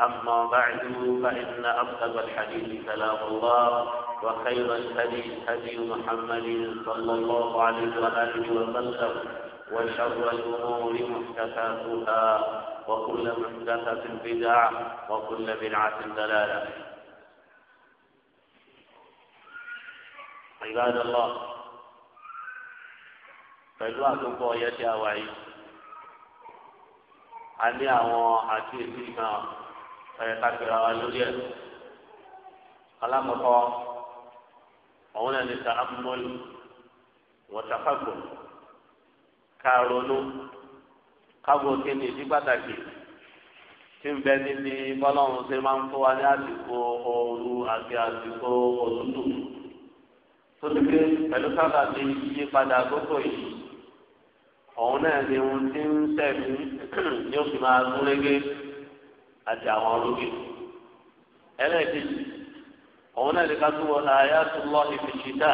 أما بعد فإن أصدق الحديث كلام الله وخير الحديث هدي محمد صلى الله عليه وآله وسلم وشر الأمور محدثاتها وكل محدثة بدعة وكل بدعة ضلالة عباد الله pẹ̀lú àkókò ọ̀yẹ́ يا a wáyé a ọyẹ kakiri awa lórí ẹ alamọkọ ọwọn ẹni ta amọlù wọtafagbo karonu kagbo kini ti pàtàkì tí ń bẹ níbi bọlọ́run ṣe máa ń fún wa ní àsìkò ooru àti àsìkò òtútù tó ti pé pẹ̀lú sábà ti yípadà yìí òun náà ni ohun tí ń sẹ̀mí fi máa gúnrégé. àti àwọn olóbìn ẹlẹ́ẹ̀kejì òun náà ní ká tún wọn àyà tún lọ ibi ṣìdá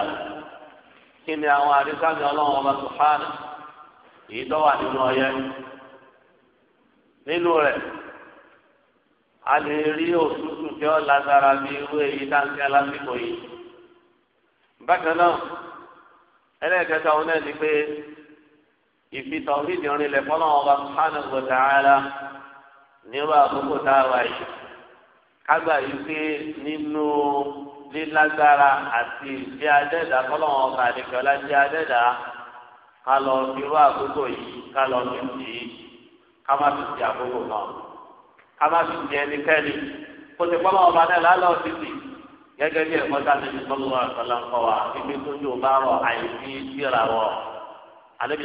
kí ni àwọn àríkàmì ọlọ́run ọba sùhánà èyí tó wà nínú ọyẹ nínú rẹ a lè rí òtútù tí ó lágbára bí irú èyí dáńtí alásìkò yìí bákan náà ẹlẹ́ẹ̀kẹta òun náà pé ìfitọ̀ ọba níwá àkókò tá a wà yìí kágbà yìí pé nínú lílágbára àti ìdí adẹ́dà kọ́lọ́wọ́n ọba àdìgbọ́lá di adẹ́dà ká lọ fi wá àkókò yìí ká lọ fi tì í ká má fi ti àkókò náà ká má fi ẹnikẹ́ni ọba náà lálọ́ ti tì gẹ́gẹ́ bí ẹ̀kọ́ ti wa ibi tó ń yóò bá rọ àìsí síra wọ alẹ́ bí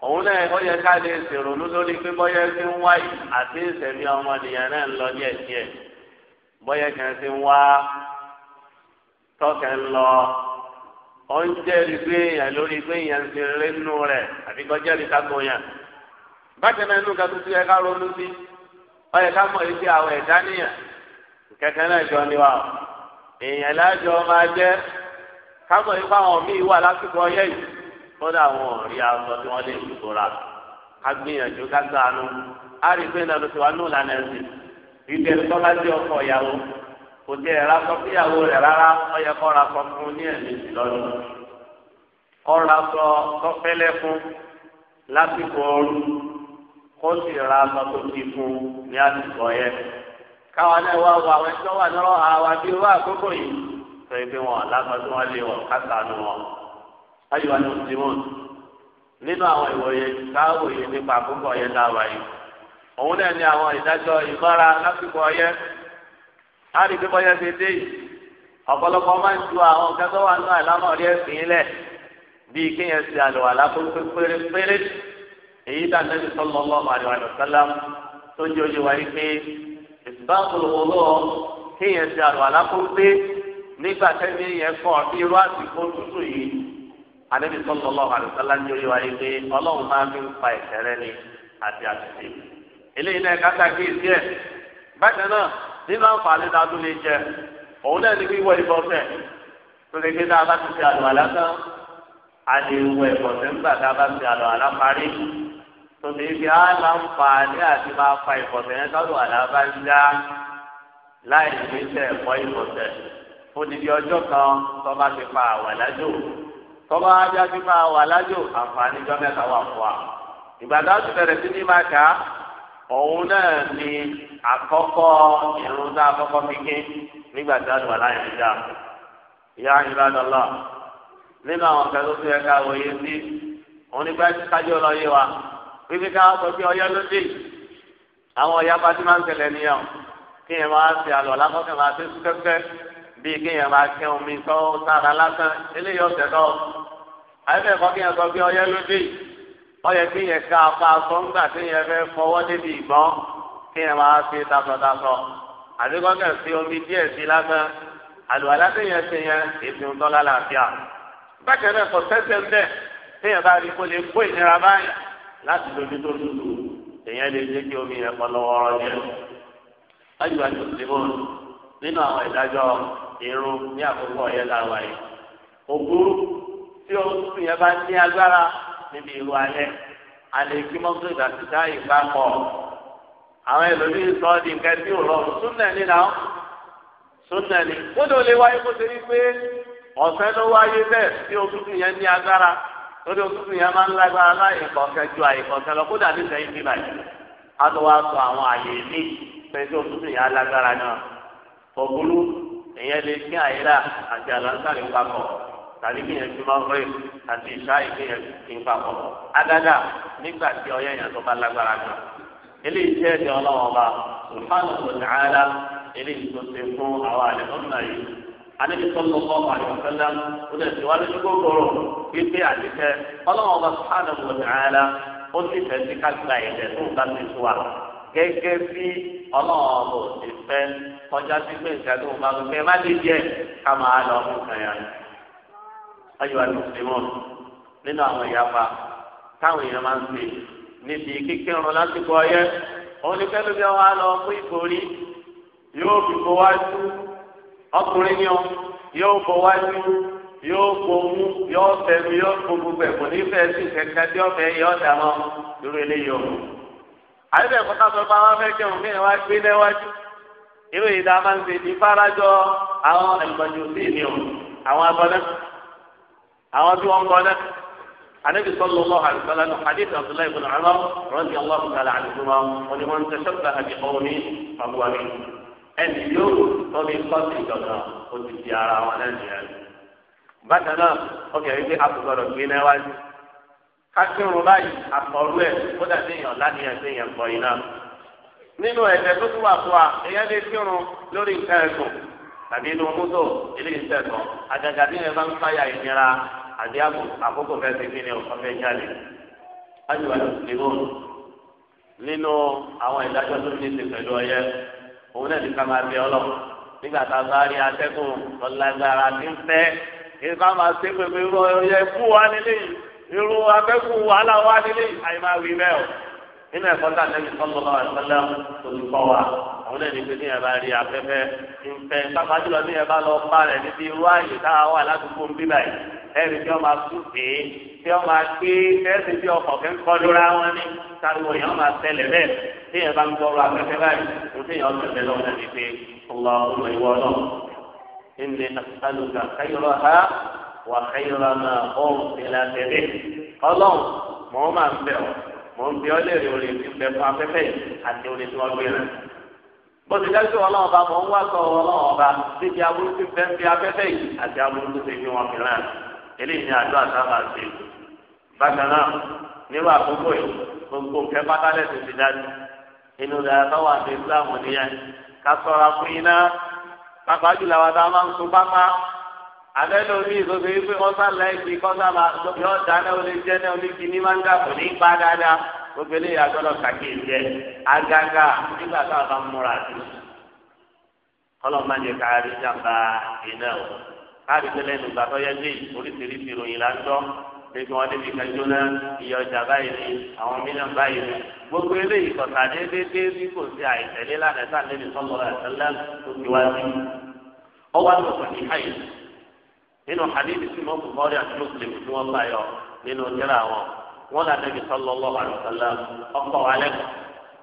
òun náà ó yẹ ká lè ṣèrònú lórí pé bọ́yá ti ń wá yìí àti ìṣẹ̀mí ọmọnìyàn náà ń lọ díẹ̀ díẹ̀ bọ́yá kan ti ń wá tọ́kẹ́ ń lọ ó ń jẹ́rìí pé èèyàn lórí pé èèyàn ti rí nínú rẹ̀ àbí kọ́ jẹ́rìí kákó yàn. bákan náà inú kan tó yẹ ká ronú sí ó ká mọ̀ ibi àwọn ẹ̀dá nìyàn kẹ̀kẹ́ náà jọ ni wa èèyàn lájọ máa jẹ́ ká mọ̀ ipa àwọn míì wà lásìkò ọyẹ́ yìí kódà wọn ò rí aṣọ tí wọ́n lè dùkọ́ra agbìyànjú kágbánu àrígbé náà ló ti wá ní ìlànà ẹ̀sìn ìgbẹ́ tó bá jẹ́ ọkọ ìyàwó kò jẹ́ ẹ̀rá sọ fún ìyàwó rẹ̀ rárá ọyẹ kọ́ra sọ fún ní ẹ̀mí lọ́dún kọ́ra sọ tọ́fẹ́lẹ́ fún lásìkò ooru kó sì ra sọ tó ti fún ní àsìkò yẹ káwa náà wá wọ àwọn ẹjọ́ wà nírọ̀ àwa bí irú àkókò yìí sọ ayọ̀ ni mùsùlùmí nínú àwọn ìwòye káwòye nípa àkókò ọyẹ́ dáwà yìí òun náà ni àwọn ìdájọ́ ìmọ̀ra lásìkò ọyẹ́ á rí pípọ́ yẹ́ ṣe dé yìí ọ̀pọ̀lọpọ̀ máa ń ju àwọn nǹkan tó wà nínú àìlámọ̀ rí ẹ̀sìn ilẹ̀ bíi kéèyàn ṣe àlùwàlá tó pérépéré èyí tá nẹ́bí sọ́lọ́ lọ́wọ́ àlùwàlá sálám tó jẹ́ oyè wáyé pé ìsìbáàbùlù olóò kéèyàn ṣe àlùwàlá tó pé nígbà tẹ́lẹ̀ anabi sallallahu alaihi wasallam ń yọ yọ ayé pé ọlọ́run máa fi ń pa ẹ̀ṣẹ̀ rẹ ni àti àtúnṣe eléyìí náà kàtà kí èsì ẹ bákan náà nínú àǹfààní tá a tún lè jẹ òun náà ní wíwọ ìbọ̀sẹ̀ tó lè gbé náà bá ti fi àlọ àlá tán a lè wọ ìbọ̀sẹ̀ nígbà tá a bá fi àlọ àlá parí tó lè fi àti máa fa ìbọ̀sẹ̀ yẹn tọ́lù àlá bá ń dá láì ní sẹ ẹ̀kọ́ ìbọ̀sẹ̀ fún ibi ọjọ́ kan tó bá ti fa àwàlájò tọ́ba ajájú máa wà lájò àǹfààní jọ mẹ́ta wà fún wa ìgbàdá ti bẹ̀rẹ̀ sí ní máa kà á òun náà ni àkọ́kọ́ ìrun tá a kọ́kọ́ fi ké nígbà tí a lù wà láyé níjà ìyá ìbádọ́lá nínú àwọn kan tó yẹ ká wòye sí òun nígbà tí kájọ lọ yé wa wípé ká sọ pé ọyẹ́ ló dé àwọn ọ̀yá bá ti máa ń tẹ̀lé nìyẹn kí ẹ máa ṣe àlọ́ lákọ́kẹ́ máa ṣe súkẹ́kẹ́ bí kéèyàn máa kẹ́ omi tó sára lásán eléyìí ọ̀sẹ̀ náà àyẹ̀fẹ̀ kọ́ kéèyàn sọ bí ọyẹ́ lóde ọyẹ kéèyàn ká apá aṣọ ńgbà kéèyàn fẹ́ fọwọ́ débi ìgbọ́n kéèyàn máa fi tasọ̀tasọ̀ àdékọ́kẹ́ fi omi díẹ̀ sí lásán àlùwàlá kéèyàn ṣe yẹn èsì ń tọ́lá làáfíà bákan náà kò sẹ́sẹ̀ kéèyàn bá rí kó lè kó ìnira báyìí láti lójú tó dúdú èèyàn lè jẹ́ kí omi yẹn pọ̀ lọ́wọ́rọ́ jẹ́ nínú àwọn ìdájọ́ irun ní àkókò ọ̀yẹ́ làwà yìí ògúrú tí oṣù yẹn bá ní agbára níbi ìlú alẹ́ alẹ́ kí mọ́tò ìdàtìdá ìgbà pọ̀ àwọn ẹlòmíín sọ di nǹkan tí ò rọrùn súnlẹ̀ nínú àwọn súnlẹ̀ ni kódò lè wáyé kó ṣe wípé ọ̀sẹ̀ ló wáyé bẹ́ẹ̀ tí oṣù yẹn ní agbára lórí oṣù yẹn máa ń lágbára láì kọ̀ọ̀kẹ́ ju àìkọ̀ọ̀kẹ́ lọ kódà ní sẹ́yìn bíbà yìí a tó wá sọ àwọn àyè ní pẹ̀lú oṣù yẹn alágbára náà òbúrú èyàn lè ní àyílà àti àlàntàrí papọ̀ tàbí kí yẹn fi máa ń rẹ àti ìṣá ìpín yẹn fi papọ̀ adága nígbà tí ọyẹ yẹn tó bá lágbára gan eléyìí jẹ́ ẹ̀jẹ̀ ọlọ́wọ́ ọba sùfàánù tó ní àyàlá eléyìí tó ṣe fún àwọn àlẹ́ tó ń nà yìí anabi sọlọ lọọ àyọkẹlẹ ọdẹ tí wàá lójú gbogbooro gbígbé àtìkẹ ọlọ́run ọba sùhánà wọn ní àyàlá ó sì fẹẹ sí ká gba tó ń bá ti sùn wa gẹ́gẹ́ bí ọlọ́run ọmọ òsì fẹ́ kọjá sí pé nǹkan tó bá gbé má lè jẹ́ ká máa lọ nínú àwọn táwọn èèyàn máa ń níbi lásìkò ọyẹ́ òun ni bí wọ́n á lọ fún yóò fi wájú ọkùnrin ni ọ yóò wájú yóò yóò fẹ́ mi yóò gbogbo sí yóò dà àyẹ̀bẹ̀ kọ́tà sọ pé àwọn afẹ́kẹ́ òun mìíràn wá gbé lẹ́wájú irú ìdá máa ń ṣe ní fárájọ àwọn ẹ̀gbọ́njú sí ni o àwọn abọ́lẹ́ àwọn tí wọ́n ń bọ́lẹ́ anabi sallallahu alaihi wa sallam hadith abdullahi ibn umar radiyallahu ta'ala anhuma wa ni man tashabbaha bi qawmi fa huwa min ẹni yóò tọ́bi kọ́sì ìjọba ó ti di ara wọn lẹ́nu yẹn bákan náà ó kẹ́ kásìrún báyìí àtọ̀rú ẹ̀ kó dàbí èèyàn láti ẹ̀ sẹ́yìn ẹ̀kọ́ yìí náà. nínú ẹ̀jẹ̀ tó tún wà fún wa èèyàn lè kírun lórí nǹkan ẹ̀sùn tàbí inú mọ́tò eléyìí sẹ̀tọ̀ àgàgà bí ẹ̀ bá ń fàyà ìnira àbí àkókò fẹ́ ti fi ní ọ̀sán fẹ́ jáde. ayọ̀ àdùnnìbò nínú àwọn ìdájọ́ tó ní ti pẹ̀lú ọyẹ òun náà ti ká máa bẹ ọlọ nígbà tá a bá rí atẹ́gùn ọ̀làgbára ní fẹ́ kí n bá máa ṣe pépé rọ ọyẹ fún wa nílé yìí irú abẹ́kù wàhálà wà nílé àyèmá wí bẹ́ẹ̀ o nínú ẹ̀kọ́ tá àtẹ́bí sọ́lọ́lọ́ àtẹ́lẹ́ olùkọ́ wa àwọn ẹni pé níyẹn bá rí afẹ́fẹ́ ìfẹ́ pápá jùlọ níyẹn bá lọ bá rẹ̀ níbi irú àyè tá a wà ládùúgbò ń bí báyìí ẹ̀rí tí wọ́n máa tún pé tí wọ́n máa gbé ẹ̀sìn tí ọkọ̀ kẹ́ ń kọ́ wọn ní táwọn èèyàn máa tẹ̀lẹ̀ bẹ́ẹ̀ tíyẹn bá ń gbọ́rọ̀ afẹ́fẹ́ báyìí tó tíyẹn وخير ما أرسل به ọlọ́run mọ̀ ọ́n máa ń bẹ̀ ọ́ mọ̀ ń bẹ̀ ọ́ lè rí orin tí ń bẹ fún afẹ́fẹ́ àti orin tí wọ́n gbé rẹ̀. bó ti dájú ọlọ́run ọba mọ̀ ń wá sọ ọlọ́run ọba síbi aburú tí ń bẹ ń bí afẹ́fẹ́ yìí àti aburú ti fi wọn fi rán. eléyìí ni àdó àtàwọn àti ètò. bákan náà nírú àkókò yìí gbogbo nǹkan pátálẹ̀ ti ti dájú. inú ìdára wà abẹ́lẹ̀ orí ìgbòho yìí pé wọ́n sábà ẹ̀sìn kọ́ sábà yọ dáná olè jẹ́ náà oníkì ní máa ń dà kò ní í pa dáadáa gbogbo eléyà gbọ́dọ̀ kàkéèjẹ agaga nígbà tá a bá múra sí i kọ́lọ̀ máa ń yẹ káàrí jàmbá iná o káàrí tó lẹ́nu ìgbà tó yẹ dé oríṣiríṣi ìròyìn là ń gbọ́ pépé wọn débi kan jóná iye ọjà báyìí ni àwọn mílíọ̀nù báyìí ni gbogbo eléyìí kọ̀tà déédéé bí kò sí àìtẹ̀lé lánàá sáà lẹ́nu sọ́kọ̀ọ́ àtẹlẹ́ tó fi wá sí ọwọ́ àtọ̀kọ̀ ní àyè nínú hadith tí mo kún kọ́rí àti muslim tí wọ́n bá yọ nínú jẹ́rà wọn wọn là nẹ́bi sallallahu alaihi wasallam ọkọ̀ alẹ́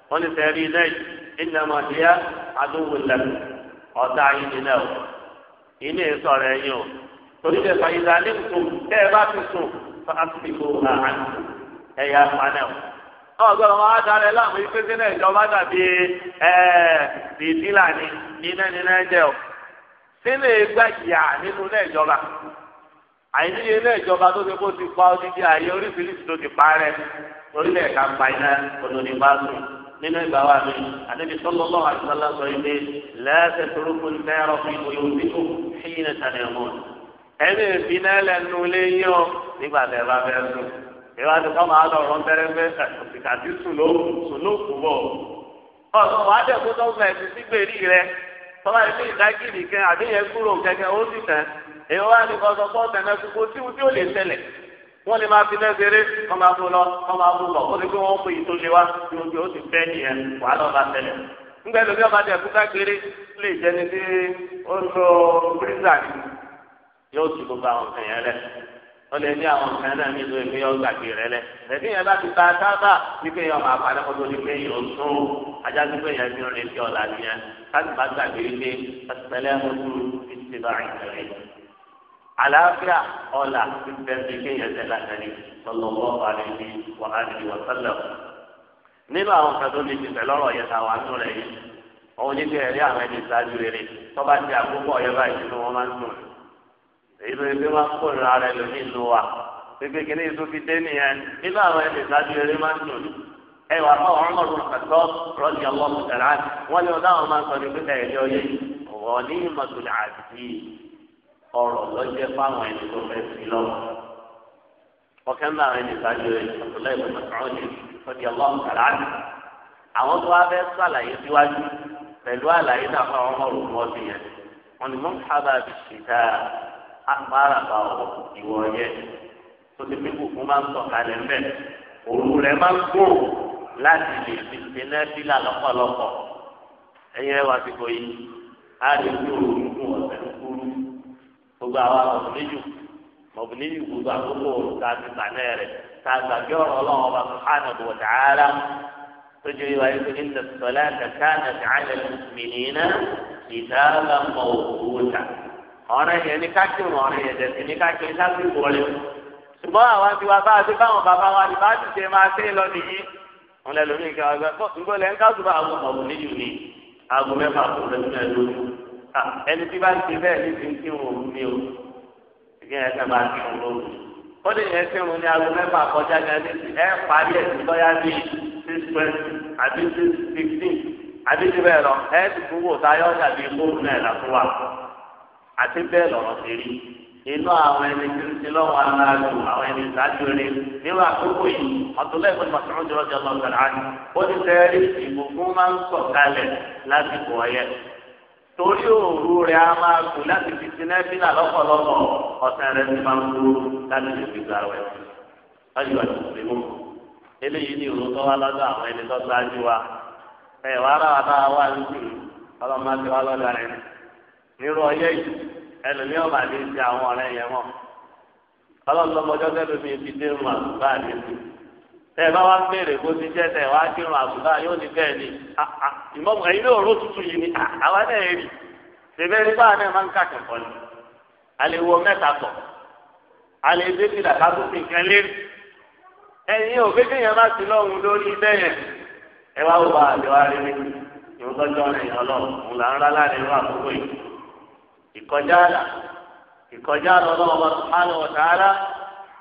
wọn ní sẹ́rí iná innama hiya aduwwun lakum ọ̀tá yín nínú ẹ̀ iná ìsọ̀rọ̀ ẹ̀yìn o torí bẹ́ẹ̀ fà ìdá ní sùn tẹ́ ẹ bá ti sùn fà á ti kó àhán ẹ̀yà panẹ́ o. ọ̀gbọ́n wọn á darẹ̀ láàmú ìpèsè ìjọba dàbí ẹ̀ẹ́d sílẹ̀ gba ìyà nínú ilé ìjọba àìníye ilé ìjọba tó ti kó ti pa odidi ààyè oríṣiríṣi tó ti parẹ́ orílẹ̀ ẹ̀ka pàìlà olórí bá sùn nínú ìgbà wa mi àdébí sọlọ́lọ́ àtúntàlá sọ ilé lẹ́sẹ̀ torókùn náírà fún ìwòye òbí tó ṣíyìn ìtàlẹ̀ mọ́ ẹni ìpínlẹ̀ lẹ́nu ilé yín o nígbà tẹ̀ bá fẹ́ sùn ìwádìí kọ́ máa lọ rán tẹ́rẹ́fẹ́ òsìkàtì sùn ló sùn ló kù bọ̀ ọ̀sùn wàá dẹ̀ kó tó tọ́lá ìlú ìdágìrì kan àbíyẹn kúrò kẹ̀kẹ́ ó sì tẹ̀ èyí wá ní kọ́sọ́ pọ́ tẹ̀mẹ́ gbogbo tí o tí o lè ṣẹlẹ̀ wọ́n lè máa fi lẹ́sẹ̀rẹ́ wọ́n máa fún lọ wọ́n máa fún lọ ó lè gbé wọn fún ìtòlé wa yòókè ó sì fẹ́ nìyẹn nígbà tó bí ọba tẹ̀ fún wọ́n lè ní àwọn kan náà ní ìlú ìpín ọgbàgbé rẹ lẹ lẹ́bí yẹn bá ti ta sábà wípé yẹn máa padà kó tó di pé yẹn ò tún ajá sí pé yẹn fi ń retí ọ̀la nìyẹn láti bá gbàgbé wípé pẹ̀lẹ́ ọdún ti bá ìtẹ̀lẹ́ àlàáfíà ọ̀la ti bẹ̀ fi kéèyàn tẹ̀lé àtẹ̀lé lọ́lọ́wọ́ àlejò wà á di wọ́sálẹ̀ nínú àwọn kan tó ní ti tẹ̀ lọ́rọ̀ yẹn táwọn àtún rẹ̀ yìí òun èyí ló ebi máa ń kó ìrora rẹ lómi ìlú wa pépé kí ní ìlú fi dé nìyẹn nínú àwọn ẹni ìsájú eré máa ń dùn ẹ wà fún ọmọ ọmọ kàtọ rọjì ọmọ mùsàlá wọn ni ọdá wọn máa ń sọ ní pípẹ́ ẹ̀yọ́ yìí ọ̀wọ́ ní ìmọ̀tòlá àti ọ̀rọ̀ lọ́jẹ́ fáwọn ẹni tó fẹ́ sí lọ́wọ́ ọ̀kẹ́ náà ẹni ìsájú eré ọ̀tọ̀lá ìbùdó sọ̀rọ̀jì rọjì ọmọ mùsàlá àwọn tó wá fẹ́ sọ àlàyé síwájú pẹ̀lú àlàyé náà fáwọn ọmọ akpara ba ọ ìwọ yẹ sosepe kòkó máa ń sọ̀kalẹ̀ mbẹ òru rẹ máa ń gbó láti lè fi tẹlẹ bílà lọ́pọ̀lọpọ̀ ẹyin rẹ wá sí kò yìí a lè fi òru gùn ọ̀sẹ̀ kúrú gbogbo àwa mọbìlíjù mọbìlíjù gbogbo àkókò tá a ti gbà náà rẹ tá gbàgbé ọ̀rọ̀ Ọlọ́run ọba sùhánà bò dáadáa tójú ìwà yìí kò ní sọlá kàkà nàkà àlẹ mìíràn ìdáàbà mọ òkúta ọ̀rẹ́ yẹn ní kákìrún ọ̀rẹ́ yẹn dẹ̀sí ní kákìrún lásìkò wọlé ṣùgbọ́n àwọn ti wá bá a ti báwọn bàbá wa ní bá ti ṣe máa ṣe lọ nìyí wọn lẹ lómi nǹkan ọgbẹ fọ nígbà lẹ ń kájú bá aago ọ̀hún níyù ni aago mẹ́fà tó lẹ lómi ẹlú ẹni tí bá ń ṣe bẹ́ẹ̀ ní ti ń kí wọn ní o ìgbẹ́ yẹn kẹ́ máa kí wọn lóru ó lè yẹn kí wọn ní aago mẹ́fà àti bẹ́ẹ̀ lọ́rọ̀ ti rí inú àwọn ẹni tí ń ti lọ́wọ́ aláàlú àwọn ẹni ìdájọ́ rẹ nínú àkókò yìí ọ̀túnlẹ̀ ìpínlẹ̀ pàṣẹwọ́n jọ ọjọ́ lọ́gbọ̀n àti ó ti tẹ́rí ìbùkún máa ń sọ̀ kalẹ̀ lásìkò ọyẹ torí òru rẹ̀ a máa kù láti fi sinẹ́bílà lọ́pọ̀lọpọ̀ ọ̀sẹ̀ rẹ̀ ti máa ń kú láti fi fi gbà wẹ̀ ọjọ́ ìpínlẹ̀ tó wá lọ́dọ̀ àwọn ẹni tó nírú ọyẹ yìí ẹlòmíràn bá lè ṣe àwọn ọ̀rẹ́ yẹn mọ́ ọlọ́sọmọjọ́ tẹ́lẹ̀ mi fi dé irun àṣùbá mi sí tẹ́ ẹ bá wá ń béèrè bó ti jẹ́ tẹ́ ẹ wá kí irun àṣùbá yóò ní bẹ́ẹ̀ ni ìmọ̀mù ẹ̀yin ló rò tútù yìí ni àwa náà rí ṣèbẹ́ nígbà náà máa ń kàkẹ́kọ̀ọ́ ni alẹ́ wọ mẹ́ta pọ̀ alẹ́ dé ti dàgbà tó fi nǹkan lérí ẹ̀yin ò kékeré yẹn bá ti lọ́hùn lórí bẹ́yẹn ẹ wá wò bá àdéhùn arẹ́rẹ́ ìwọ́sọ́jọ́ rẹ̀ yọ lọ́ọ̀ ìkọjá àlà ìkọjá àlà ọlọ́wọ́ bá sùpánù ọ̀tàrà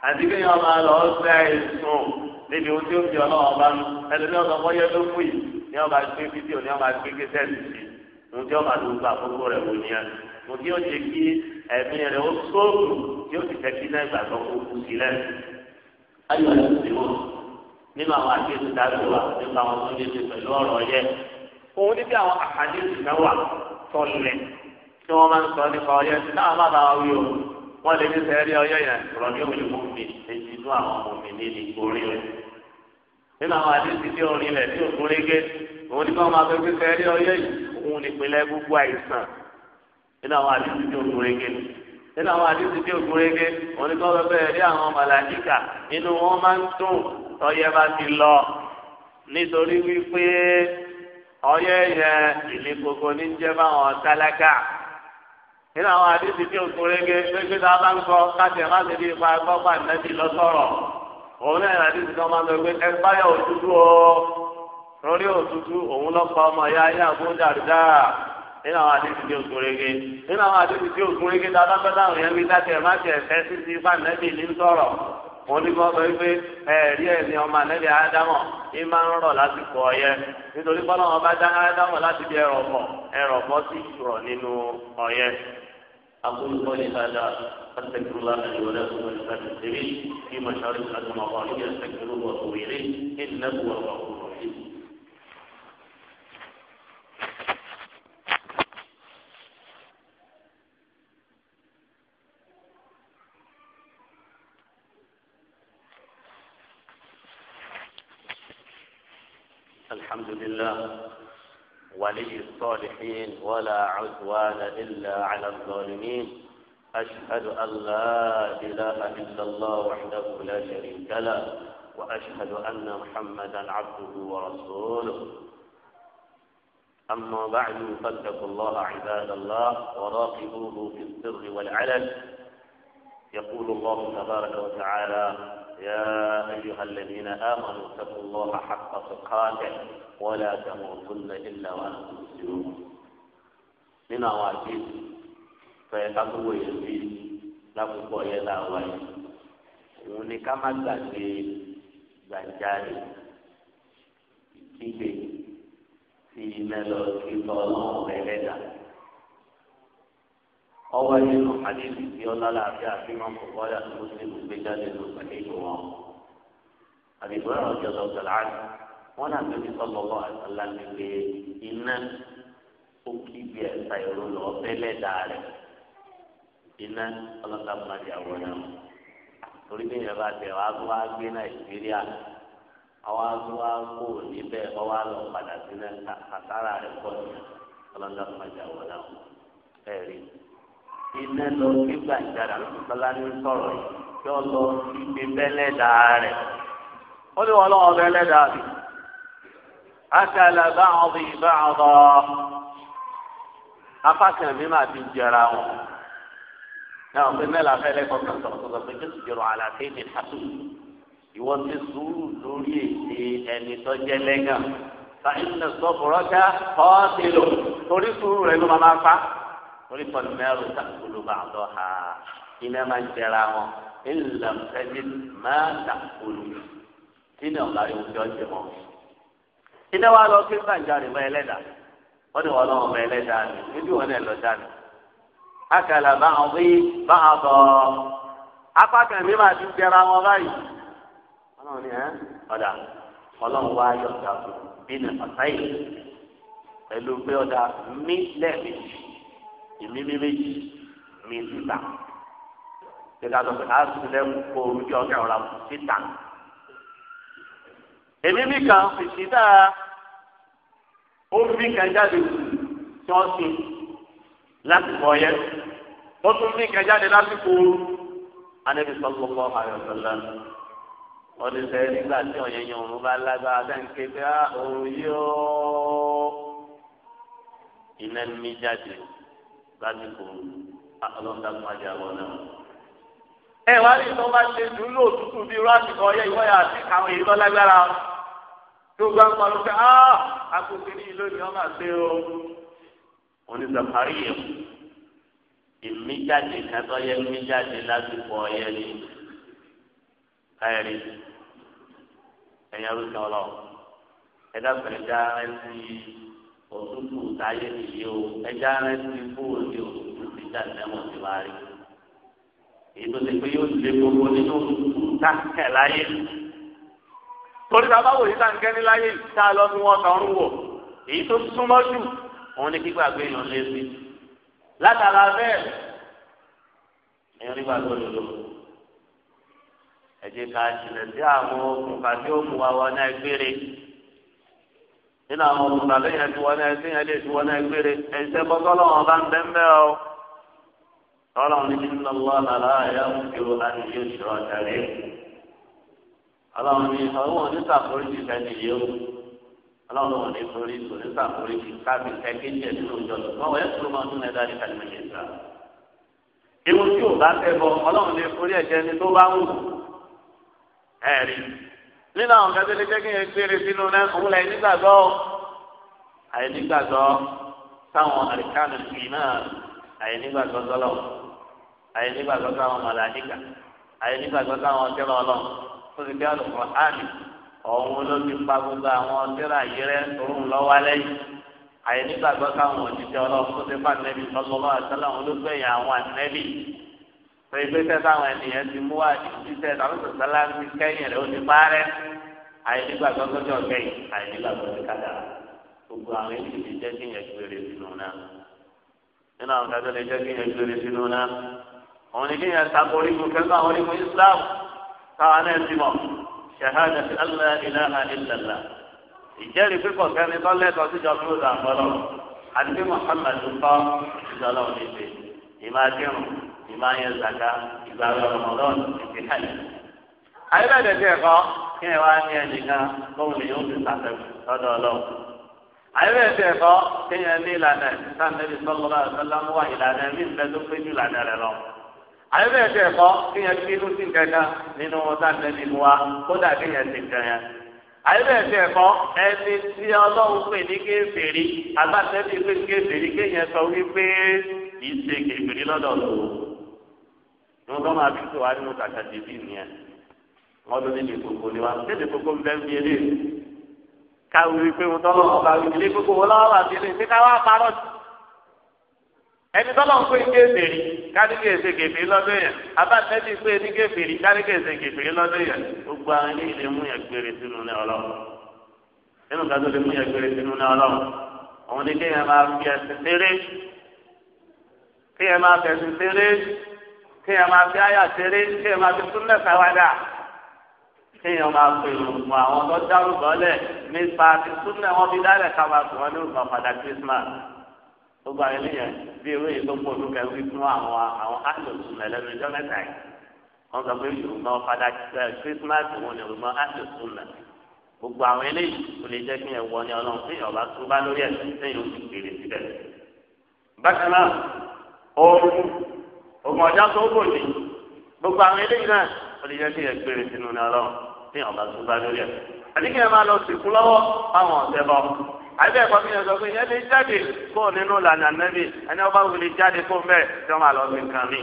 àti kí yẹn ọba lọ ṣe àìsùn níbi ohun tí ó fi ọlọ́wọ́ bá ń ẹlẹ́ni ló fún yìí ní ọba gbé fídíò ní ọba gbé kẹsẹ́ẹ̀tì sí ohun tí ọba ló gba wò ní ẹnu ohun tí ó ṣe kí ẹ̀mí rẹ̀ ó sóòrù tí ó náà kú ayọ̀ ẹ̀ nínú àwọn tí wọ́n máa ń sọ nípa ọyẹ́ tí náà má bàa wí o wọ́n lè ní sẹ́rí ọyẹ́ yẹn rọ̀ ní òun ìmú mi èyí inú àwọn ọmọ mi ní orí rẹ̀. nínú àwọn àdéhùn tí orin rẹ̀ tí òkú rége òun ní káwọn máa fẹ́ fi sẹ́rí ọyẹ́ yìí òun nípìnlẹ̀ gbogbo àìsàn nínú àwọn àdéhùn tí òkú rége nínú àwọn àdéhùn tí òkú rége òun ní káwọn fẹ́ rí àwọn màlàíkà nínú àwọn o kún tá a bá ń kọ káṣí ẹ̀ má ṣe bí ipa pa ìnẹ́bí lọ sọ̀rọ̀ òun náà máa ń lọ pé ya ayé nínú àwọn nínú àwọn tá a bá káṣí má ṣe ẹ̀fẹ́ sí ti ipa ìnẹ́bí ní sọ̀rọ̀ ní kọ́ sọ wípé ẹ̀mí ọmọ ní máa ń rọ̀ lásìkò nítorí bá dá láti أقول قولي هذا أستغفر الله لي ولكم ولسائر المسلمين في مشارق الأرض ومغاربها أستغفروه وأتوب إليه إنه هو الغفور الرحيم الحمد لله ولي الصالحين ولا عدوان إلا على الظالمين أشهد أن لا إله إلا الله وحده لا شريك له وأشهد أن محمدا عبده ورسوله أما بعد فاتقوا الله عباد الله وراقبوه في السر والعلن يقول الله تبارك وتعالى يا أيها الذين آمنوا اتقوا الله حق تقاته ولا تموتن إلا وأنتم مسلمون من أواجد فيتقوى يزيد lákòókò yẹn la wà yìí òun ni ká má gbàgbé gbàjáde ọwọ́ nínú àdéhùn ìdí ọlá láti àfihàn kọ̀ọ̀kọ́ yà tó ti lè gbé jáde ló pẹ̀lú ìlú wọn. àdìgbò ẹ̀rọ ìjọba ọ̀gbẹ̀lá wọn náà tóbi sọ́lọ́ lọ àtàlà nílé iná ó kí bí ẹ̀ka ìró lọ bẹ́lẹ̀ dàrẹ̀ iná ọlọ́ta fúnadì àwòrán torí bí ìjọba tẹ̀ wá wá gbé nàìjíríà àwa tó wá kó níbẹ̀ ọwọ́ lọ padà sí náà àtàrà rẹ̀ pọ̀ ní ọlọ́ta fúnadì àwòrán ẹ̀rí iná lọ nígbà ìjàdà lọ́la ní sọ̀rọ̀ yìí kí ọ lọ gbígbé bẹ́lẹ́dà rẹ̀ ó ní wọn lọ́wọ́ bẹ́lẹ́dà rẹ̀ akala báwọn báwọn bọ́ afákàn mi máa fi jẹra wọn náà pé mẹ́la fẹ́lẹ́ kọ́kàn sọ̀rọ̀sọ̀rọ̀ pé jésù jẹrọ àlàfé ní sàtú ìwọ ti sùúrù lórí èdè ẹni tó jẹ́ lẹ́gàn fa ìṣẹ̀sọ̀ bọ̀rọ̀dá ọ́ ti lò torí sùúrù rẹ̀ ló máa máa fa torí pọ̀lì mẹ́rù takulu bàtọ́ ha iná máa ń jẹra wọn ilẹ̀ tẹ́lẹ̀ máa takulu tínú ọ̀gá yóò fi ọjọ́ wọn. iná wa lọ kí gbàǹjà rẹ̀ bá ẹlẹ́dà wọ́n ní wọn lọ́wọ́ bá ẹlẹ́dà rẹ̀ níbi wọn náà lọ dání. akàlà bá àwọn bí bá a bọ̀ apá kan mi máa ti jẹra wọn báyìí. ọlọ́run ni ẹ́ ọ̀dà ọlọ́run wá yọ̀ọ̀dà bínú ọ̀sáyìí pẹ̀lú pé ọ̀dà mí lẹ́ẹ̀mejì ìmí méjèèjì mi síta kíkà sọ pé a sì lẹ́nu kó orúkọ ọ̀gá ọ̀la síta èmi mi kàn fèsì dáa ó fi kàn jáde tí wọ́n sìn lásìkò ọyẹ ó tún fi kàn jáde lásìkò ooru anabi sọlọpọ ayọsọlá ọdún sẹ́yìn nígbà tí ọyẹ yẹn òun bá lágbára bẹ́ẹ̀ ké bá ah, òun yóò iná mi jáde. lásìkò ọlọ́dàkùn ajáwọ̀ náà. ẹ wá ní ìtọ́ bá ṣe dùn ní òtútù bíi rásìkò ọyẹ́ ìwọ́ yà sí àwọn èyí tó tó gbá ń ní ìlú ni wọ́n máa ṣe o. òní zakari yẹn ìmíjáde kátó yẹ ìmíjáde lásìkò ọyẹ́ òtútù táyé nìyí o ẹja rẹ ti kú òde òtútù ti dà lẹ́wọ̀n ti wá rí ètò ti pé yóò lé gbogbo nínú òtútù táǹkẹ̀ láyé torí bàbá wò yìí táǹkẹ́ ní láyé tá a lọ fi wọn kàn ń wò èyí tó súnmọ́ jù òun ni kígbàgbé èèyàn lé sí látara bẹ́ẹ̀ èèyàn nígbàgbé àwọn òkùnfà tí ó mú wa wọ náà gbére nínú àwọn ọmọọba lẹ́yìn ẹtì wọn náà ẹtì yẹn lè ti wọn náà gbére ẹsẹ bọkọlọ wọn bá ń bẹ ń bẹ ọ Ọlọ́run ní nínú ọlọ́run làlá ẹyà ń fi ro àdìyẹ ìṣòro ọjàre Ọlọ́run ní ọwọ́ onísàkóríjì sẹni yìí ó Ọlọ́run ní orí onísàkóríjì káàbì ẹkẹjì ẹtì ló ń nínú àwọn kan tó lè jẹ́ kí n gbére sínú náà òun lẹ́yìn nígbàgbọ́ àìnígbàgbọ́ sáwọn àríkánù yìí náà àìnígbàgbọ́ sọ́lọ̀ àìnígbàgbọ́ sáwọn màláníkà àìnígbàgbọ́ sáwọn ọ̀tẹ́rọ ọlọ́run tó ti bí àlùkò áàmì ọ̀hún ló ti pa gbogbo àwọn ọ̀tẹ́rọ àyẹrẹ òun lọ́wọ́ lẹ́yìn àìnígbàgbọ́ sáwọn òjijì ọlọ́run tó ti bá nẹ́bí sọ́lọ́lọ́ sọ ìgbésẹ̀ táwọn ènìyàn ti mú wá ìgbésẹ̀ táwọn sọ̀tà láti kẹ́yìn rẹ̀ ó ti parẹ́ àìnígbàgbọ́ tọ́jọ́ kẹ́yìn àìnígbàgbọ́ ti kàdà gbogbo àwọn ènìyàn ti jẹ́ kíyàn gbére sínú náà nínú àwọn kájọ́ lè jẹ́ kíyàn gbére sínú náà òun ni kíyàn sako orígun kẹ́kọ̀ọ́ àwọn orígun Islam táwọn náà ti mọ̀ ṣahada ti allah ilaha illallah ìjẹ́rìí pípọ̀ kẹ́ni tọ́lẹ́tọ̀ síjọ́ fún ìdàgbọ́lọ́ àti muhammadu kọ́ ìmọ̀ ayé zaka ìgbà rọmọdọ́n ìdí hàlẹ́. àyẹ̀bẹ̀dẹ̀ tí ẹ̀kọ́ kí ẹ wá ní ẹnìkan lóhùn ní yóò fi sàfẹ́ lọ́dọ̀ ọlọ́run. àyẹ̀bẹ̀dẹ̀ tí ẹ̀kọ́ kí ẹ ní ìlànà sàmẹ́lì sọ́lọ́lá ìsọ́lámù wà ìlànà mí ìfẹ́ tó pé jù lànà rẹ̀ lọ. àyẹ̀bẹ̀dẹ̀ tí ẹ̀kọ́ kí ẹ fi inú sí kankan nínú sàmẹ́lì mu wa kódà kí ẹ sì kàn yẹn. àyẹ̀bẹ̀dẹ̀ tí ẹ̀kọ́ ẹni tí ọlọ́run pè ní kéferì àbáṣẹ́ pé kéferì kéèyàn sọ wípé kì í ṣe kéferì lọ́dọ̀ ọ̀dọ̀ wọn bá máa fi tó wá nínú kàkà dèbí nìyẹn wọn ló níbi kókó ni wa níbi kókó ń bẹ ń bíyẹn léèrè káwé pé wọn tọ́lọ́ ọba ilé kókó wọn lọ́wọ́ àti ilé ní káwá parọ́ ẹni tọ́lọ̀ ń pè ní kèfèrí káríkè èsè kèfèrí lọ́dún yẹn abáṣẹ́bí pé ní kèfèrí káríkè èsè kèfèrí lọ́dún yẹn gbogbo àwọn ilé ilé mú yẹn gbére sínú ní ọlọ́run nínú gbàdúrà lè mú yẹn gbére sínú ní ọlọ́run òun ni kéèyàn máa fi ẹsìn tẹ́lẹ̀ kéèyàn máa fẹ̀sìn tẹ́lẹ̀ kéèyàn máa fi àyà ṣeré kéèyàn máa fi súnlẹ̀ sáwádà kéèyàn máa pè mọ àwọn tó dárúgbọ́ lẹ̀ nípa ti súnlẹ̀ wọn fi dálẹ̀ ká máa pè wọ́n ní ògbà padà Christmas gbogbo àwọn eléyàn bí ewé yìí tó pọ̀ tó kẹ́ wí fún àwọn àwọn àjòsùn ẹlẹ́nu ìjọ mẹ́ta yìí wọ́n sọ pé yorùbá padà eh, Christmas wọn ni yorùbá àjòsùn náà gbogbo àwọn eléyìí kò lè jẹ́ kí ẹ wọ ní ọlọ́run tí ìyọ̀bá tún bá lórí ogun ọjà tó bò ní gbogbo àwọn eléyìí náà ó lè jẹ́ kí yẹn gbére sínú ní ọlọ́run ní ọ̀gá tó bá lórí ẹ̀. àti kí yẹn máa lọ sìnkú lọ́wọ́ fáwọn ọ̀sẹ̀ bọ́. àbẹ́ ẹ̀kọ́ mi yẹn sọ pé ẹni jáde kó o nínú lànà nẹ́bí ẹni ọba wuli jáde kó mẹ́ẹ̀ tí wọ́n máa lọ sí nǹkan mi.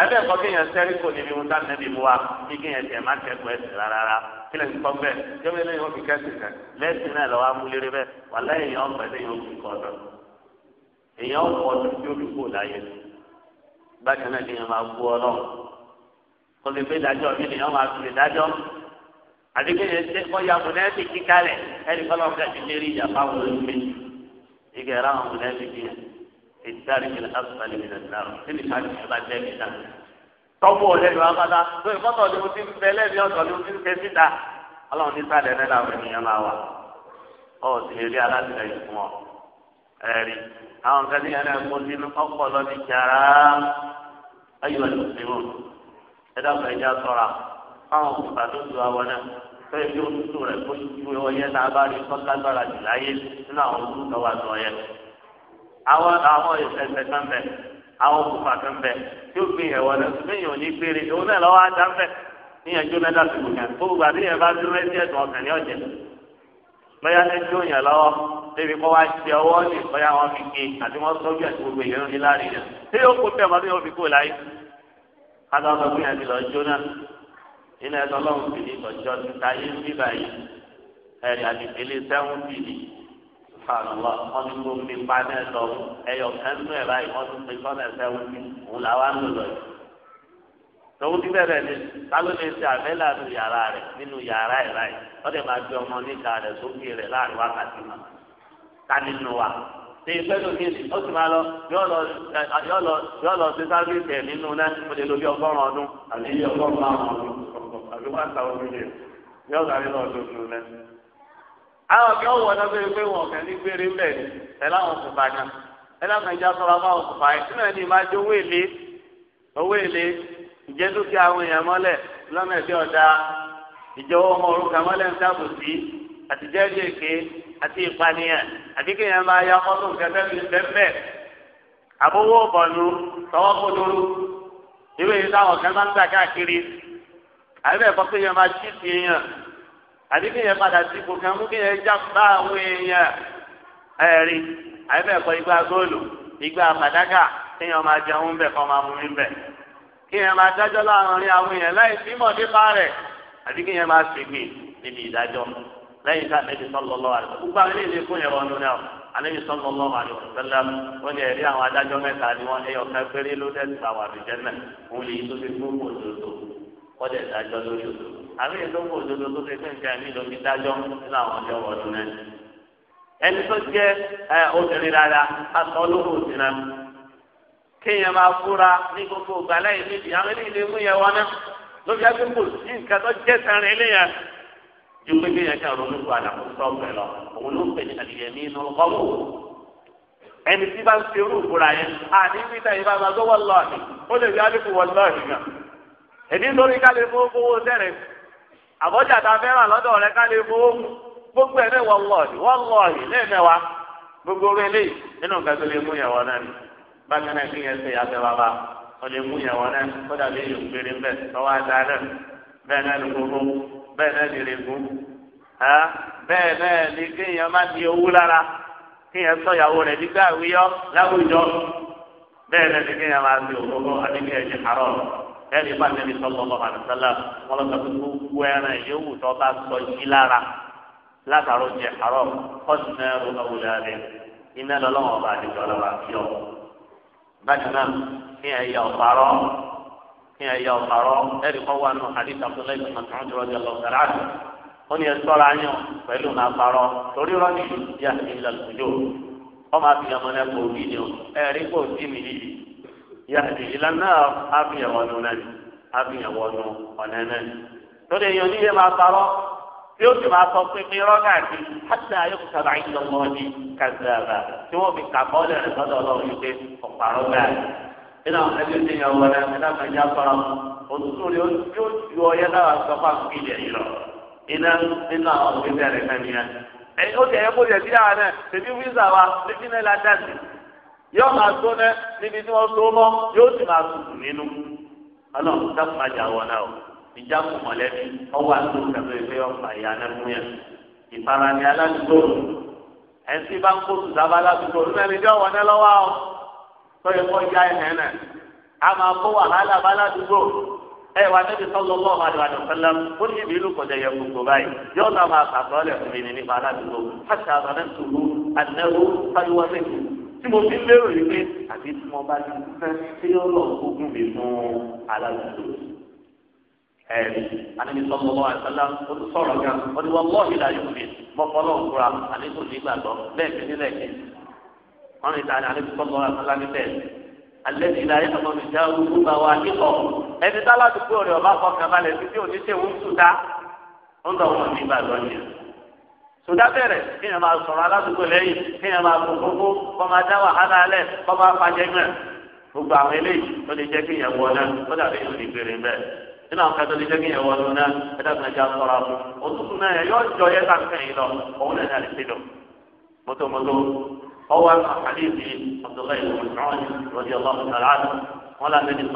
àbẹ́ ẹ̀kọ́ kí yẹn sẹ́rí kò níbi wọn dáná nẹ́bí wa kí kí yẹn tẹ̀ má kẹ́kọ̀ọ́ ẹ̀sìn rárá kílẹ̀ ń kọ́ bẹ́ẹ̀ jẹ́mi lẹ́yìn òfin kẹ́sìn kan lẹ́sìn náà lọ́wọ́ amúlérè bẹ́ẹ̀ wà lẹ́yìn ọ̀pẹ̀ lẹ́yìn òfin kọ́ ọ̀dọ̀ èèyàn ọ̀pọ̀ ọdún bákan náà ni wọn máa bu ọlọ kó lè fi dájọ́ mi ni wọn máa fi lè dájọ́ àti kéde ṣe ọyà mùnẹ́ẹ̀sì kíkalẹ̀ ẹni kọ́lọ́ ọ̀gá ti lérí ìjà fáwọn olùgbé ìgbà ẹ̀rọ àwọn mùnẹ́ẹ̀sì kí ìdárí mi náà sọ̀rọ̀ lè nà nà rọ̀ síbi ká ní ọba jẹ́ mi náà tọ́wọ́ ọ̀lẹ́ mi wá pátá ni mo ti ń lẹ́ẹ̀mí ọ̀tọ̀ ni mo ti ń síta ọlọ́run làwọn ènìyàn máa wà ọ̀ sì lè rí fún ọ ẹ̀rí àwọn ayọ̀ ìmùsùlùmù ẹ̀dá ọ̀gá ẹ̀dá sọ̀ra fáwọn òkúta tó tu àwọn náà fẹ́ẹ́ bí òtútù rẹ̀ kó ju ọyẹ náà bá rí sọ́kágbára jù láyé nínú àwọn òkúta wà sọ yẹ. àwọn àwọn ìfẹsẹ̀ kan bẹ̀ àwọn òkúta kan bẹ̀ tí ó gbé ìyẹ̀wọ̀ náà tó níyàn ní péré òun náà lọ́wọ́ á dá bẹ̀ níyànjú mẹ́ta tó kù lọ́yà lè jó yàn lọ́wọ́ débi kọ́ wá ṣe ọwọ́ ní ìfọ́yà wọn fi ké àti wọn sọ́jú àti gbogbo èèyàn ní láàrin yẹn tí yóò kó tẹ̀ mọ́tò yóò fi kó láyé kájọ sọ fún yẹn ti lọ jó náà nínú ẹ̀sọ́ lọ́hùn sì ní ọjọ́ títa yé bí báyìí ẹ̀rì àti ìpele sẹ́wọ̀n sì ní sàlọ́wọ́ wọn ti kó mi pa náà lọ ẹ̀yọ̀ ẹ̀ńtú ẹ̀ báyìí wọn ti pè sọ́nà sẹ́wọ̀n tọ́wọ́ ti bẹ̀rẹ̀ ni káló lè ṣe àbẹ́là nínú yàrá rẹ̀ nínú yàrá ẹ̀ láì wọ́n máa gbé ọmọ níta rẹ̀ sókè rẹ̀ láàrin wákàtí mọ́ ká nínú wa ṣe ìfẹ́ lómi ni ó sì máa lọ yọ lọ sí sáfíìsì ẹ̀ nínú náà mo lè lo ọgọ́rùn-ún ọdún àbí bí ọgọ́rùn-ún ọdún àbí wọ́n ta omi lè yọ sáré lọ sí nínú náà. àwọn kan wọ̀ ọ́nà bẹ́ẹ̀ pé wọn kàn ní gbére ńlẹ̀ ni ẹ̀ láwọn kò bá yàn ẹ̀ láwọn kan já sọ́ra fáwọn kò bá yàn ìjẹ́ dúkìá àwọn èèyàn mọlẹ lọ́mọ ẹ̀bí ọ̀dà ìjọwọ́ ọmọ òrùka mọ́lẹ̀ ń dáàbò sí àtijọ́ ẹ̀jẹ̀ èké àti ìpànìyàn àti kéèyàn máa ya ọkọ̀ tó nǹkan fẹ́ẹ́ bẹ́ẹ̀ àbówó bọ̀lú tọwọ́ kó ìwé yìí táwọn kan máa ń gbà káàkiri àbẹ̀ ẹ̀kọ́ kéèyàn máa ṣí ti èèyàn àbí kéèyàn padà sí ipò kan mú kéèyàn já bá àwọn èèyàn ẹ̀rí kí yẹn máa dájọ́ láàrin àwọn èèyàn láì bímọ nípa rẹ̀ àti kí yẹn máa ṣègbè níbi ìdájọ́ lẹ́yìn tá àlejò sọ́lọ́ lọ́wọ́ àti gbogbo àwọn ilé ìlẹ́kùn yẹn wọnú náà àlejò sọ́lọ́ lọ́wọ́ àti ọ̀sẹ̀lẹ̀ wọ́n ní ẹ̀rí àwọn adájọ́ mẹ́ta ni wọ́n ẹyọ kan péré ló dẹ́ ta wà lùjẹ́ náà òun lè tó fi gbogbo òdodo wọ́n dẹ̀ dájọ́ lórí òdodo àbí ètò gbogbo òdodo tó fi kéèyàn máa fúra ní gbogbo ìgbàlá yìí níbi àwọn eléyìí lè mú yẹn náà lóbi nǹkan tó kéèyàn kí àrùn àdàkùn lọ òun ló ń pè ní inú ẹni tí bá ń fi irú yẹn àní níta máa gbọ́ wọ́n gbogbo lọ́ọ̀hìn wọ́n lọ́ọ̀hìn lẹ́ẹ̀mẹ́wàá gbogbo orí eléyìí nínú nǹkan ni. bákan náà kínyẹn ṣe yàtọ̀ bàbá ó lè mú yẹn wọn náà ó dàbí èyàn péré bẹ́ẹ̀ tọ́wọ́ àdá náà bẹ́ẹ̀ náà ló gbogbo bẹ́ẹ̀ náà lè rè gún bẹ́ẹ̀ náà ni kínyẹn má di owó lára kínyẹn sọ̀yàwó rẹ̀ nígbà wíyọ́ láwùjọ bẹ́ẹ̀ náà ni kínyẹn máa di òkókó àti kínyẹn ti àárọ̀ ẹni bá tẹ̀lé sọ́lọ́lọ́ àdìsálà wọn lọ́ka tó gbogbo ẹran yòówù tó bá sọ bákan náà kí ẹ yà ọ̀parọ́ kí ẹ yà ọ̀parọ́ ẹ̀rí kọ́ wà nù àdìsá tó lẹ́yìn màtí wọ́n ti rọ́ọ̀dì ọlọ́ọ̀tàrà àti ó ní ẹ̀sọ́ la yàn pẹ̀lú nà parọ́ torí rọ́ọ̀dì yà ìlà lùjọ́ ọmọ àfihàn mọ́ ẹ̀ kò bí ni o ẹ̀rí kò sí mi yìí yà ìlà náà àfihàn wọnú náà àfihàn wọnú ọ̀nà náà torí èèyàn níyẹn máa parọ́ tí ó sì máa sọ pé mi rọ́gà sí hàtà ayọ́kù sábà ń lọ mọ́ ní kàzàbà tí wọ́n fi kàbọ́ lẹ̀ lọ́dọ̀ ọlọ́run yìí pé ọ̀pá rọ́gà rẹ̀. nínú àwọn ẹbí ti yàn wọlé ẹ̀dá mẹ́jà sọ̀rọ̀ òtútù rẹ̀ yóò ju ọyẹ́ náà sọ fún àwọn ìdè yìí lọ. iná nínú àwọn òbíbẹ̀ rẹ̀ kan nìyẹn. ẹ ó jẹ́ ẹ̀kọ́ jẹ̀ síyà rẹ̀ tèmi fíìsà wa tèmi náà la dá sí. yóò máa tó ná níbi tí wọ́n tó mọ́ yóò sì máa tutù nínú. ọlọ́run dákùn má jà wọ náà ìjákùn mọ̀lẹ́bí ọwọ́ àti òkèèrè pé ọ̀pá ìyànà fún yẹn ìfarani aládùúgbò ẹ̀sìn bá ń kó sùdábà aládùúgbò lẹ́ni tí ọ̀wọ́ náà lọ́wọ́ ọ tó yẹ kó ya ẹ̀hẹ́ náà a máa kó wàhálà bá aládùúgbò ẹ wà níbi sọlọ lọ wà lọ sẹlẹ ó ní ìbí ìlú kọjá yẹ gbogbo báyìí yóò náà máa sàtọ́lẹ̀ fún mi ní nípa aládùúgbò fàṣà àbálẹ̀ tòlú àdínẹ́wò fáyọwọ́ sẹ́kù tí mo fi lérò yìí pé àbí tí mo bá ti fẹ́ sí ọlọ́ọ̀gbógún mi fún aládùúgbò ẹ̀rí anábìsọ mọ́mọ́ àtàlà olùsọ̀rọ̀ kan wọ́n ti wọ́n mọ́ ìlà yòókè mọ́kànlá òkúra àníkò nígbàgbọ́ bẹ́ẹ̀ fi nílẹ̀ kí wọ́n rìn tàn anábìsọ mọ́mọ́ àtàlà níbẹ̀ alẹ́ ti la yẹ ọmọ mi dá owó bá wa níkọ̀ ẹni tá ládùúgbò rẹ̀ ọba kọkàn balẹ̀ títí òní ṣe ń sùdá ń lọ wọn nígbàgbọ́ ni sùdá bẹ̀rẹ̀ kí ni máa sọ̀rọ̀ aládùúgbò lẹ́yìn kí ni máa kó kókó kọ́ máa dá wàhálà alẹ́ kọ́ máa pàjẹ́ mẹ́ gbogbo àwọn eléyìí ó lè jẹ́ kí ìyẹn wọ ó dàbí ìrìn ìbéèrè bẹ́ẹ̀ nínú àwọn kẹtọ́ lè jẹ́ kí yẹn wọnú náà ẹ̀dá kan já sọ̀rọ̀ àbò òtútù náà yẹn yóò jọ yẹn sàǹkà yìí lọ òun náà lè ṣe lọ mọ́tòmọ́tò ọwọ́ àkàlìsì ọ̀dọ́lá ìlú ìṣòwò rọ̀dí ọlọ́run tààrà bí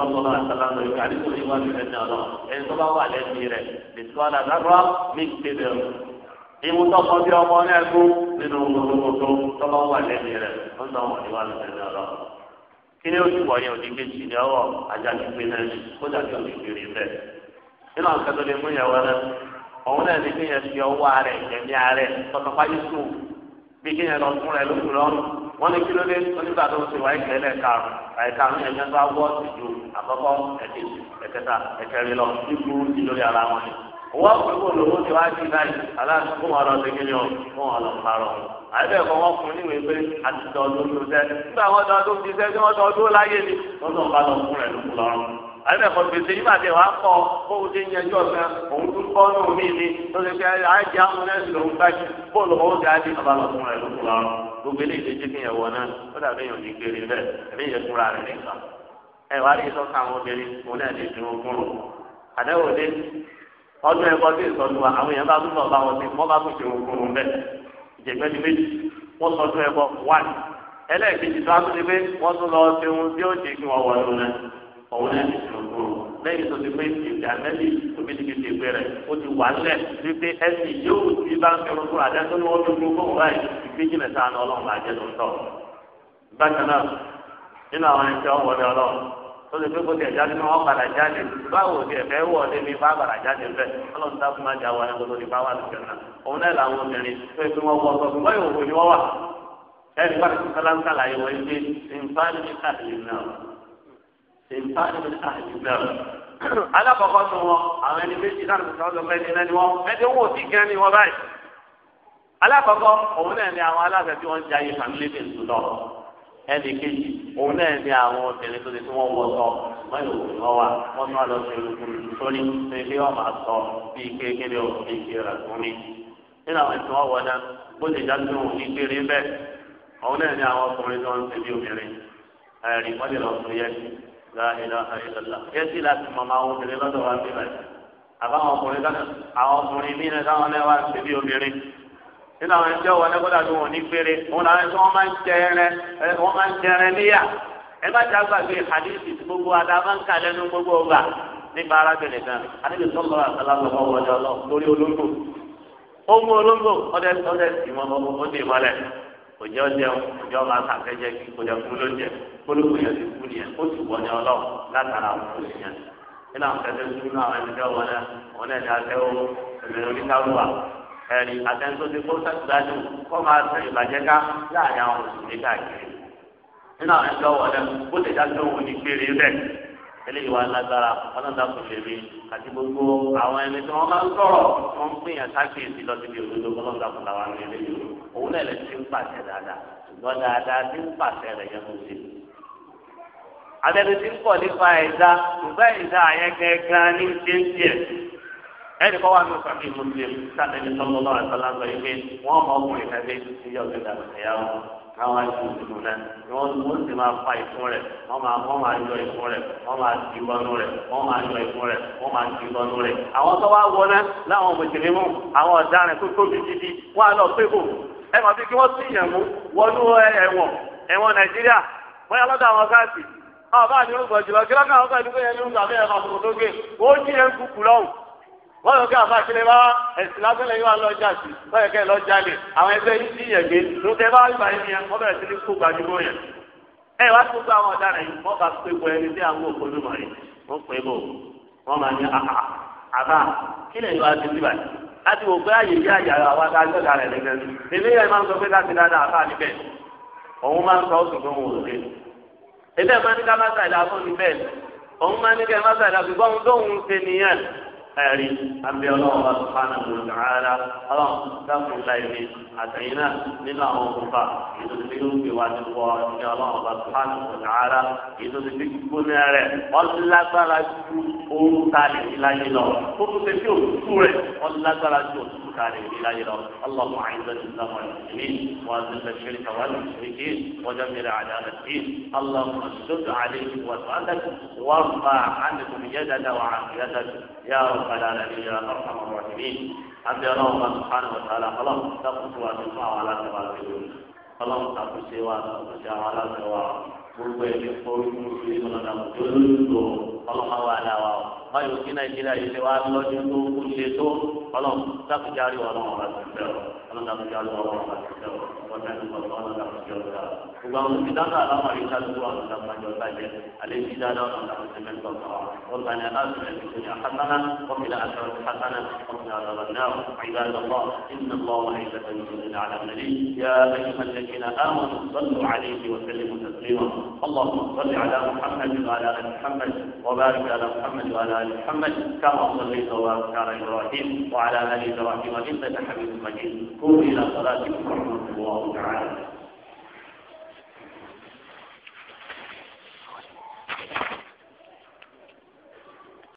ọmọ náà kú nínú gbogbo tó tọ́ bá wà ń sọ wọn ní wàá náà lọ kíni ó ti wọ̀ yẹn òdì kejì ní ọwọ́ ajáde pé náà kó dàbí òdì kiri bẹ́ẹ̀. nínú àwọn kẹtọ́ lè mú yẹn wọlé òun náà ní kíyẹn fi ọwọ́ rẹ̀ ẹ̀mí rẹ̀ tọkọtaya yíṣù bí kíyẹn lọ fún rẹ̀ lókun lọ́rùn wọ́n ní kíló dé onígbà tó ti wáyé kẹlẹ̀ karùn àìkarùn ẹ̀mí ẹ̀ká wọ́ ti ju àkọ́kọ́ ẹ̀kẹta ẹ̀kẹrin lọ nígbù lórí ara wọn ni wọ́n pè kó lówó tí wàá báyìí aláàbò kó wọn lọ sí kí ni parọ́ àbẹ̀ kọ́ wọn fún níwèé pé àtijọ́ ọdún sẹ́ nígbà wọn tó ọdún ti sẹ́ tí wọ́n tó ọdún láyé ni wọ́n tó ń bá lọ fún rẹ̀ lókun lọ́rùn àbẹ̀ kọ́ gbèsè yìí bàtẹ̀ wàá kọ́ bóun ti ń yẹjọ́ kan òun tún kọ́ nù mí ni tó ti àjẹ́ amúnẹ́sì lòún báyìí ọdún ẹ̀kọ́ tí ìsọdún wa àwọn èèyàn bá túbọ̀ bá wọn sí wọ́n bá tún ṣe òkúrun bẹ́ẹ̀ ìjẹ̀gbẹ́ ni méjì wọ́n sọdún ẹ̀kọ́ wá ní ẹlẹ́ẹ̀kejì tó átúndé pé wọ́n tún lọ ṣe ohun tí ó ṣe kí wọ́n wọlé rẹ̀ ọ̀hún náà ti ṣe òkúrun lẹ́yìn tó ti pé ìgbà mẹ́lì tóbi ti fi ṣègbè ó ti wà lẹ̀ wípé ẹni yóò ti bá ń fẹ́ràn fún àdá tó ní wọ́n fi gbó fóun ìgbéjì tó lè fi kó tiẹ̀ jáde náà wọ́n padà jáde báwo tiẹ̀ fẹ́ wọ̀ débi bá padà jáde bẹ́ẹ̀ ọlọ́run tá a fún ma jà wà ní gbogbo ní báwa lùkẹ́ náà òun náà làwọn obìnrin tó fi wọ́n wọ́ sọ báyìí òwò ni wọ́n wà ẹ̀rí bá ti sọ́lá ń sàlàyé wọ́n ṣe ìǹfààní àdìyẹ náà ìǹfààní àdìyẹ náà alákọ̀ọ́kọ́ tó wọn àwọn ẹni méjì náà ti sọ́dọ̀ ẹnì kejì òun náà ní àwọn obìnrin tó ti tí wọ́n wọ sọ wọ́n yóò wù wọ́n wá wọ́n tún lọ sí olùkúlù sórí pé bí wọ́n máa sọ bí kékeré o bí kí rẹ̀ fún mi. nínú àwọn ìtumọ̀ wọ náà bó ti jáde òun ní kéré bẹ́ẹ̀ òun náà ní àwọn ọkùnrin tó ń ṣe bí obìnrin ẹ̀rí wọ́n lè lọ fún yẹ́sì láìlá àìlọ́lá yẹ́sì láti mọ àwọn obìnrin lọ́dọ̀ wa bí báyìí àbáwọn ọkùnrin nínú àwọn ẹjọ́ wọn lẹ́kọ́dà tó wọn ní péré wọn làwọn ẹjọ́ wọn máa ń jẹrẹ wọn máa ń jẹrẹ níyà ẹ má jà gbàgbé hadithi tí gbogbo adá máa ń kà lẹ́nu gbogbo ọgbà nípa arábìnrin kan adébí sọ́kọ́ àtàlágbọ̀n ọ̀wọ́dẹ ọlọ́ lórí olóńgbò ó mú olóńgbò ọdẹ ọdẹ sì mọ́ ọmọ ó dì mọ́lẹ̀ òjò jẹun òjò máa sàkẹ́jẹ́ kí kò jẹ kú ló jẹ kólókò ti kú ẹ̀rí àtẹnudọ́sí kó sẹ́kùdájú kó máa sẹ́ ìbàjẹ́ ká láàrin àwọn mùsùlùmí káàkiri nínú àwọn ẹgbẹ́ ọwọ́ rẹ bó lè dájú òun ní péré bẹ́ẹ̀ eléyìí wà lágbára ọlọ́dà kò lè rí àti gbogbo àwọn ẹni tí wọ́n máa ń sọ̀rọ̀ wọ́n ń pín yàn sákèésì lọ síbi òdodo ọlọ́dà kò làwọn ẹni lè lò òun náà lè ti ń pàṣẹ dáadáa ṣùgbọ́n dáadáa ti ń pàṣẹ rẹ̀ yẹn ẹnì kan wà ní sàbí muslim sàbẹ̀lì sọlọ́lọ́ àtàlà sọ yìí pé wọ́n mọ ọkùnrin kan dé níyà ọ̀gbìn ẹ̀yà wọn káwọn aṣọ ìdùnnú náà ni wọ́n wọ́n sì máa fa ìfún rẹ̀ wọ́n máa wọ́n máa yọ ìfún rẹ̀ wọ́n máa ti wọnú rẹ̀ wọ́n máa yọ ìfún rẹ̀ wọ́n máa ti wọnú rẹ̀. àwọn tó wá wọ náà láwọn mùsùlùmí àwọn ọ̀daràn tó tóbi títí lọ pé kò ẹ mọ̀ bí kí wọ́n sì yàn mú wọnú ẹ̀wọ̀n ẹ̀wọ̀n nàìjíríà wọ́n yọ kí àfa kílẹ̀ bá ẹ̀sìn lábẹ́lẹ̀ yóò lọ jà sí lọ́yẹ̀ kẹ́ lọ jalè àwọn ẹgbẹ́ yìí ti yẹ̀ gbé lókè bá ìgbà yìí yẹn wọ́n bẹ̀rẹ̀ sí ní kó gbajúmọ̀ yẹn. ẹ wá tó gbọ́ àwọn ọ̀daràn yìí wọ́n bá pé bọ ẹni tí àwọn òkòlù mọ̀ yìí wọ́n pè bò wọ́n máa ní àhà ah, ah, ah, àbá kílẹ̀ yóò ti ti báyìí láti wò pé àyè bí àyà àwọn adájọ́ darẹ̀ lẹ́gbẹ̀ẹ́ òun máa ń sọ ẹ̀rí abẹ́ ọlọ́run bá tó fánà ló ń rárá ọlọ́run dákun láìpẹ́ àtẹ̀yìn náà nínú àwọn òkúta ìdòtí ló ń gbé wá ti wọ ọ̀sẹ̀ ọlọ́run bá tó fánà ló ń rárá ìdòtí tí gbóná rẹ̀ ọlágbára ju oorun ta lè fi láyé lọ tó ṣe tí òtútù rẹ̀ ọlágbára ju òtútù تعالى إلى إله اللهم أعز الإسلام والمسلمين وأذل الشرك والمشركين ودمر أعداء الدين اللهم اشدد عليهم وسعدك وارفع عنهم يدك وعافيتك يا رب العالمين يا أرحم الراحمين أبي الله سبحانه وتعالى اللهم تقص وتسمع على تبارك اللهم تقص وتسمع على تبارك gbogbo ẹni kó kúrú sí ọlọ́dà báyìí òkè nàìjíríà yìí ṣe wá lọ́dún tó kú ṣe tó ọlọ́run dákújárí ọlọ́run ọ̀la ti fẹ́ ọ ọlọ́run dákújárí ọlọ́run ọ̀la ti fẹ́ ọ ọ̀tá ẹni bọ̀ ọlọ́run dákújárí ọ̀la gbogbo àwọn òbí dáná aláwọ̀ yìí ká lóko àwọn ọ̀la gbàjọ bàjẹ́ alẹ́ bí dáná ọ̀la ti fẹ́ tọ̀ tọ̀ ọ̀la ni aláṣẹ ìṣòyà hasana ọ̀kìlá àtàwọn hasana ọ̀kìlá àtàwọn náà عباد الله إن الله وحيدة يصلون على النبي يا أيها الذين آمنوا صلوا عليه وسلموا تسليما اللهم صل على محمد وعلى آل محمد وبارك على محمد وعلى آل محمد كما صليت وباركت على إبراهيم وعلى آل إبراهيم إنك حميد مجيد قم إلى صلاتكم ورحمة الله تعالى